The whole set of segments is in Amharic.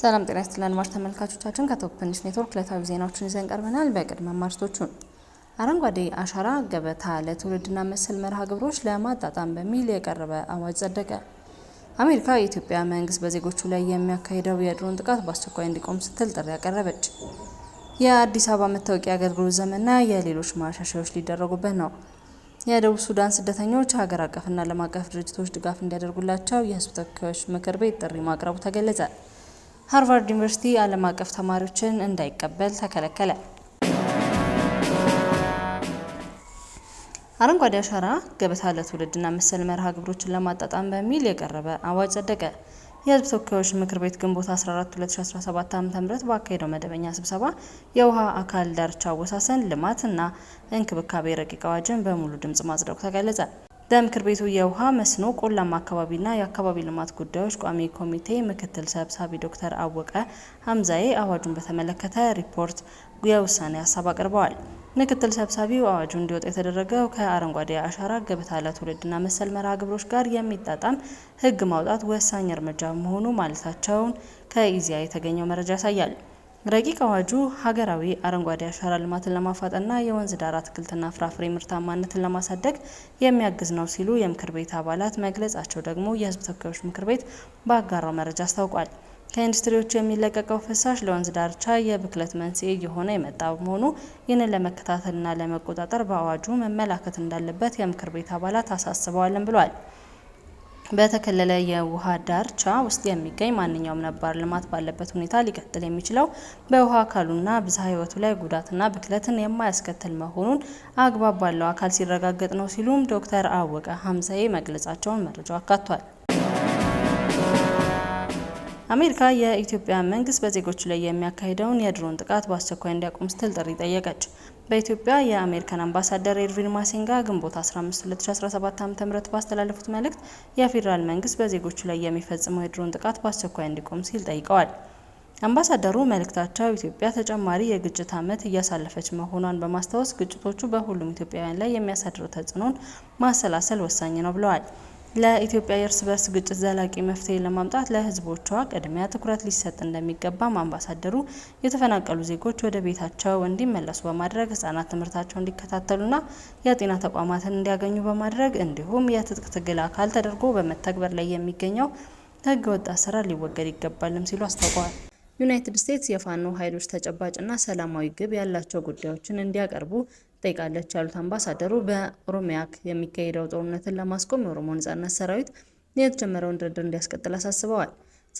ሰላም ጤና ይስጥልን አድማጭ ተመልካቾቻችን ከቶፕ ኔትወርክ ዕለታዊ ዜናዎችን ይዘን ቀርበናል። በቅድመ ማርስቶቹን አረንጓዴ አሻራ ገበታ ለትውልድና መሰል መርሃ ግብሮች ለማጣጣም በሚል የቀረበ አዋጅ ጸደቀ። አሜሪካ የኢትዮጵያ መንግስት በዜጎቹ ላይ የሚያካሂደው የድሮን ጥቃት በአስቸኳይ እንዲቆም ስትል ጥሪ ያቀረበች። የአዲስ አበባ መታወቂያ አገልግሎት ዘመንና የሌሎች ማሻሻዎች ሊደረጉበት ነው። የደቡብ ሱዳን ስደተኞች ሀገር አቀፍና ዓለም አቀፍ ድርጅቶች ድጋፍ እንዲያደርጉላቸው የህዝብ ተወካዮች ምክር ቤት ጥሪ ማቅረቡ ተገለጸ። ሃርቫርድ ዩኒቨርሲቲ ዓለም አቀፍ ተማሪዎችን እንዳይቀበል ተከለከለ። አረንጓዴ አሻራ ገበታ ለትውልድና መሰል መርሃ ግብሮችን ለማጣጣም በሚል የቀረበ አዋጅ ጸደቀ። የህዝብ ተወካዮች ምክር ቤት ግንቦት 14 2017 ዓ ም ባካሄደው መደበኛ ስብሰባ የውሃ አካል ዳርቻ አወሳሰን ልማትና እንክብካቤ ረቂቅ አዋጅን በሙሉ ድምጽ ማጽደቁ ተገለጸ። በምክር ቤቱ የውሃ መስኖ ቆላማ አካባቢና የአካባቢ ልማት ጉዳዮች ቋሚ ኮሚቴ ምክትል ሰብሳቢ ዶክተር አወቀ ሀምዛዬ አዋጁን በተመለከተ ሪፖርት የውሳኔ ሀሳብ አቅርበዋል። ምክትል ሰብሳቢው አዋጁ እንዲወጣ የተደረገው ከአረንጓዴ አሻራ ገበታ ለትውልድና መሰል መርሃ ግብሮች ጋር የሚጣጣም ህግ ማውጣት ወሳኝ እርምጃ መሆኑ ማለታቸውን ከኢዚያ የተገኘው መረጃ ያሳያል። ረቂቅ አዋጁ ሀገራዊ አረንጓዴ አሻራ ልማትን ለማፋጠንና የወንዝ ዳር አትክልትና ፍራፍሬ ምርታማነትን ለማሳደግ የሚያግዝ ነው ሲሉ የምክር ቤት አባላት መግለጻቸው ደግሞ የህዝብ ተወካዮች ምክር ቤት በአጋራው መረጃ አስታውቋል። ከኢንዱስትሪዎቹ የሚለቀቀው ፍሳሽ ለወንዝ ዳርቻ የብክለት መንስኤ እየሆነ የመጣ በመሆኑ ይህንን ለመከታተልና ለመቆጣጠር በአዋጁ መመላከት እንዳለበት የምክር ቤት አባላት አሳስበዋልም ብሏል። በተከለለ የውሃ ዳርቻ ውስጥ የሚገኝ ማንኛውም ነባር ልማት ባለበት ሁኔታ ሊቀጥል የሚችለው በውሃ አካሉና ብዝሃ ህይወቱ ላይ ጉዳትና ብክለትን የማያስከትል መሆኑን አግባብ ባለው አካል ሲረጋገጥ ነው ሲሉም ዶክተር አወቀ ሀምዛዬ መግለጻቸውን መረጃው አካቷል። አሜሪካ የኢትዮጵያ መንግስት በዜጎች ላይ የሚያካሂደውን የድሮን ጥቃት በአስቸኳይ እንዲያቆም ስትል ጥሪ ጠየቀች። በኢትዮጵያ የአሜሪካን አምባሳደር ኤርቪን ማሴንጋ ግንቦት 15 2017 ዓ ም ባስተላለፉት መልእክት የፌዴራል መንግስት በዜጎቹ ላይ የሚፈጽመው የድሮን ጥቃት በአስቸኳይ እንዲቆም ሲል ጠይቀዋል። አምባሳደሩ መልእክታቸው ኢትዮጵያ ተጨማሪ የግጭት ዓመት እያሳለፈች መሆኗን በማስታወስ ግጭቶቹ በሁሉም ኢትዮጵያውያን ላይ የሚያሳድረው ተጽዕኖን ማሰላሰል ወሳኝ ነው ብለዋል። ለኢትዮጵያ የእርስ በርስ ግጭት ዘላቂ መፍትሄ ለማምጣት ለህዝቦቿ ቅድሚያ ትኩረት ሊሰጥ እንደሚገባም አምባሳደሩ የተፈናቀሉ ዜጎች ወደ ቤታቸው እንዲመለሱ በማድረግ ሕጻናት ትምህርታቸው እንዲከታተሉና የጤና ተቋማትን እንዲያገኙ በማድረግ እንዲሁም የትጥቅ ትግል አካል ተደርጎ በመተግበር ላይ የሚገኘው ህገ ወጥ አሰራር ሊወገድ ይገባልም ሲሉ አስታውቀዋል። ዩናይትድ ስቴትስ የፋኖ ኃይሎች ተጨባጭና ሰላማዊ ግብ ያላቸው ጉዳዮችን እንዲያቀርቡ ጠይቃለች ያሉት አምባሳደሩ በኦሮሚያ የሚካሄደው ጦርነትን ለማስቆም የኦሮሞ ነጻነት ሰራዊት የተጀመረውን ድርድር እንዲያስቀጥል አሳስበዋል።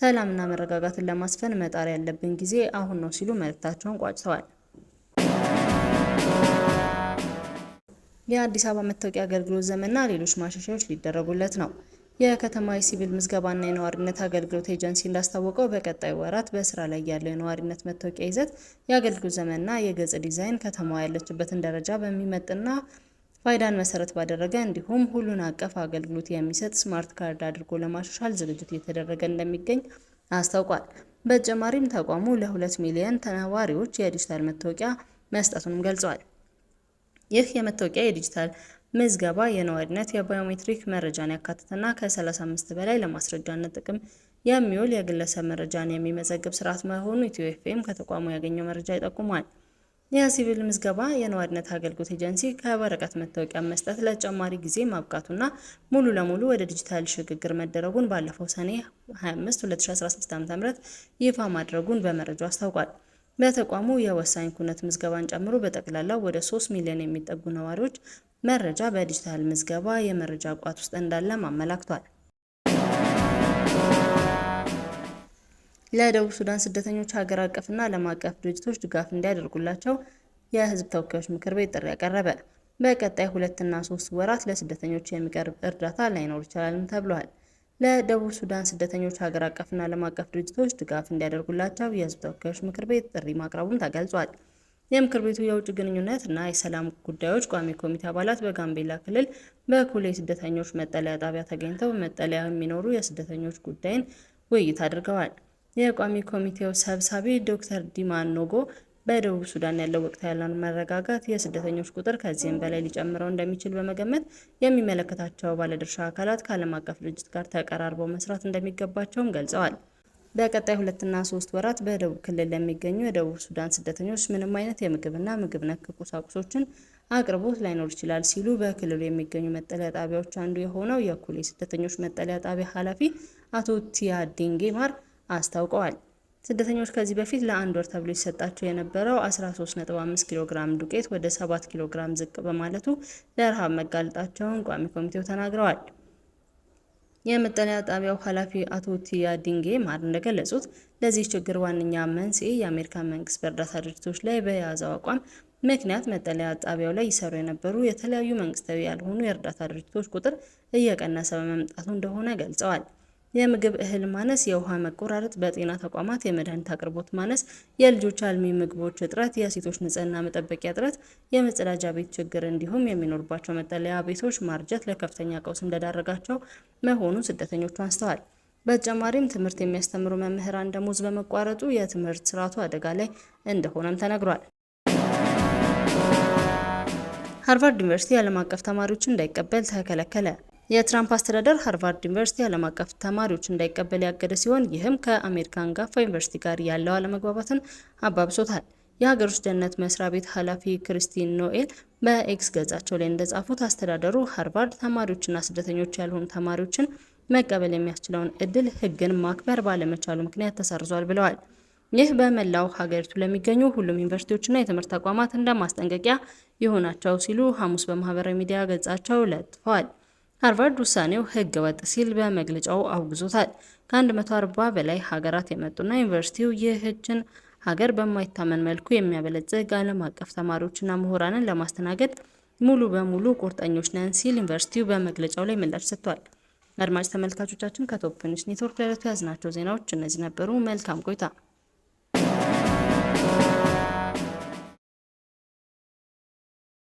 ሰላምና መረጋጋትን ለማስፈን መጣር ያለብን ጊዜ አሁን ነው ሲሉ መልእክታቸውን ቋጭተዋል። የአዲስ አበባ መታወቂያ አገልግሎት ዘመንና ሌሎች ማሻሻያዎች ሊደረጉለት ነው። የከተማ የሲቪል ምዝገባና የነዋሪነት አገልግሎት ኤጀንሲ እንዳስታወቀው በቀጣይ ወራት በስራ ላይ ያለው የነዋሪነት መታወቂያ ይዘት፣ የአገልግሎት ዘመንና የገጽ ዲዛይን ከተማዋ ያለችበትን ደረጃ በሚመጥና ፋይዳን መሰረት ባደረገ እንዲሁም ሁሉን አቀፍ አገልግሎት የሚሰጥ ስማርት ካርድ አድርጎ ለማሻሻል ዝግጅት እየተደረገ እንደሚገኝ አስታውቋል። በተጨማሪም ተቋሙ ለሁለት ሚሊዮን ነዋሪዎች የዲጂታል መታወቂያ መስጠቱንም ገልጸዋል። ይህ የመታወቂያ የዲጂታል ምዝገባ የነዋሪነት የባዮሜትሪክ መረጃን ያካትትና ከ35 በላይ ለማስረጃነት ጥቅም የሚውል የግለሰብ መረጃን የሚመዘግብ ስርዓት መሆኑ ኢትዮ ኤፍኤም ከተቋሙ ያገኘው መረጃ ይጠቁማል። የሲቪል ምዝገባ የነዋሪነት አገልግሎት ኤጀንሲ ከወረቀት መታወቂያ መስጠት ለተጨማሪ ጊዜ ማብቃቱና ሙሉ ለሙሉ ወደ ዲጂታል ሽግግር መደረጉን ባለፈው ሰኔ 25 2016 ዓ.ም ይፋ ማድረጉን በመረጃው አስታውቋል። በተቋሙ የወሳኝ ኩነት ምዝገባን ጨምሮ በጠቅላላው ወደ 3 ሚሊዮን የሚጠጉ ነዋሪዎች መረጃ በዲጂታል ምዝገባ የመረጃ ቋት ውስጥ እንዳለም አመላክቷል። ለደቡብ ሱዳን ስደተኞች ሀገር አቀፍና ዓለም አቀፍ ድርጅቶች ድጋፍ እንዲያደርጉላቸው የሕዝብ ተወካዮች ምክር ቤት ጥሪ ያቀረበ። በቀጣይ ሁለትና ሶስት ወራት ለስደተኞች የሚቀርብ እርዳታ ላይኖር ይችላልም ተብሏል። ለደቡብ ሱዳን ስደተኞች ሀገር አቀፍና ዓለም አቀፍ ድርጅቶች ድጋፍ እንዲያደርጉላቸው የሕዝብ ተወካዮች ምክር ቤት ጥሪ ማቅረቡም ተገልጿል። የምክር ቤቱ የውጭ ግንኙነት እና የሰላም ጉዳዮች ቋሚ ኮሚቴ አባላት በጋምቤላ ክልል በኩሌ የስደተኞች መጠለያ ጣቢያ ተገኝተው በመጠለያ የሚኖሩ የስደተኞች ጉዳይን ውይይት አድርገዋል። የቋሚ ኮሚቴው ሰብሳቢ ዶክተር ዲማ ኖጎ በደቡብ ሱዳን ያለው ወቅት ያለን መረጋጋት የስደተኞች ቁጥር ከዚህም በላይ ሊጨምረው እንደሚችል በመገመት የሚመለከታቸው ባለድርሻ አካላት ከዓለም አቀፍ ድርጅት ጋር ተቀራርበው መስራት እንደሚገባቸውም ገልጸዋል። በቀጣይ ሁለትና ሶስት ወራት በደቡብ ክልል ለሚገኙ የደቡብ ሱዳን ስደተኞች ምንም አይነት የምግብና ምግብ ነክ ቁሳቁሶችን አቅርቦት ላይኖር ይችላል ሲሉ በክልሉ የሚገኙ መጠለያ ጣቢያዎች አንዱ የሆነው የኩሌ ስደተኞች መጠለያ ጣቢያ ኃላፊ አቶ ዲንጌ ማር አስታውቀዋል። ስደተኞች ከዚህ በፊት ለአንድ ወር ተብሎ ይሰጣቸው የነበረው 13.5 ኪሎ ግራም ዱቄት ወደ 7 ኪሎ ግራም ዝቅ በማለቱ ለረሃብ መጋለጣቸውን ቋሚ ኮሚቴው ተናግረዋል። የመጠለያ ጣቢያው ኃላፊ አቶ ቲያ ዲንጌ ማር እንደገለጹት ለዚህ ችግር ዋነኛ መንስኤ የአሜሪካ መንግስት በእርዳታ ድርጅቶች ላይ በያዘው አቋም ምክንያት መጠለያ ጣቢያው ላይ ይሰሩ የነበሩ የተለያዩ መንግስታዊ ያልሆኑ የእርዳታ ድርጅቶች ቁጥር እየቀነሰ በመምጣቱ እንደሆነ ገልጸዋል። የምግብ እህል ማነስ፣ የውሃ መቆራረጥ፣ በጤና ተቋማት የመድኃኒት አቅርቦት ማነስ፣ የልጆች አልሚ ምግቦች እጥረት፣ የሴቶች ንጽህና መጠበቂያ እጥረት፣ የመጸዳጃ ቤት ችግር እንዲሁም የሚኖርባቸው መጠለያ ቤቶች ማርጀት ለከፍተኛ ቀውስ እንደዳረጋቸው መሆኑን ስደተኞቹ አንስተዋል። በተጨማሪም ትምህርት የሚያስተምሩ መምህራን ደሞዝ በመቋረጡ የትምህርት ስርዓቱ አደጋ ላይ እንደሆነም ተነግሯል። ሃርቫርድ ዩኒቨርሲቲ ዓለም አቀፍ ተማሪዎችን እንዳይቀበል ተከለከለ። የትራምፕ አስተዳደር ሃርቫርድ ዩኒቨርሲቲ ዓለም አቀፍ ተማሪዎች እንዳይቀበል ያገደ ሲሆን ይህም ከአሜሪካ አንጋፋ ዩኒቨርሲቲ ጋር ያለው አለመግባባትን አባብሶታል። የሀገር ውስጥ ደህንነት መስሪያ ቤት ኃላፊ ክሪስቲን ኖኤል በኤክስ ገጻቸው ላይ እንደጻፉት አስተዳደሩ ሃርቫርድ ተማሪዎችና ስደተኞች ያልሆኑ ተማሪዎችን መቀበል የሚያስችለውን እድል ህግን ማክበር ባለመቻሉ ምክንያት ተሰርዟል ብለዋል። ይህ በመላው ሀገሪቱ ለሚገኙ ሁሉም ዩኒቨርሲቲዎችና የትምህርት ተቋማት እንደ ማስጠንቀቂያ ይሆናቸው ሲሉ ሐሙስ በማህበራዊ ሚዲያ ገጻቸው ለጥፈዋል። ሃርቫርድ ውሳኔው ሕገ ወጥ ሲል በመግለጫው አውግዞታል። ከ140 በላይ ሀገራት የመጡና ዩኒቨርሲቲው ይህችን ሀገር በማይታመን መልኩ የሚያበለጽግ ዓለም አቀፍ ተማሪዎችና ምሁራንን ለማስተናገድ ሙሉ በሙሉ ቁርጠኞች ነን ሲል ዩኒቨርሲቲው በመግለጫው ላይ ምላሽ ሰጥቷል። አድማጭ ተመልካቾቻችን ከቶፕ ኔትወርክ ለዕለቱ ያዝናቸው ዜናዎች እነዚህ ነበሩ። መልካም ቆይታ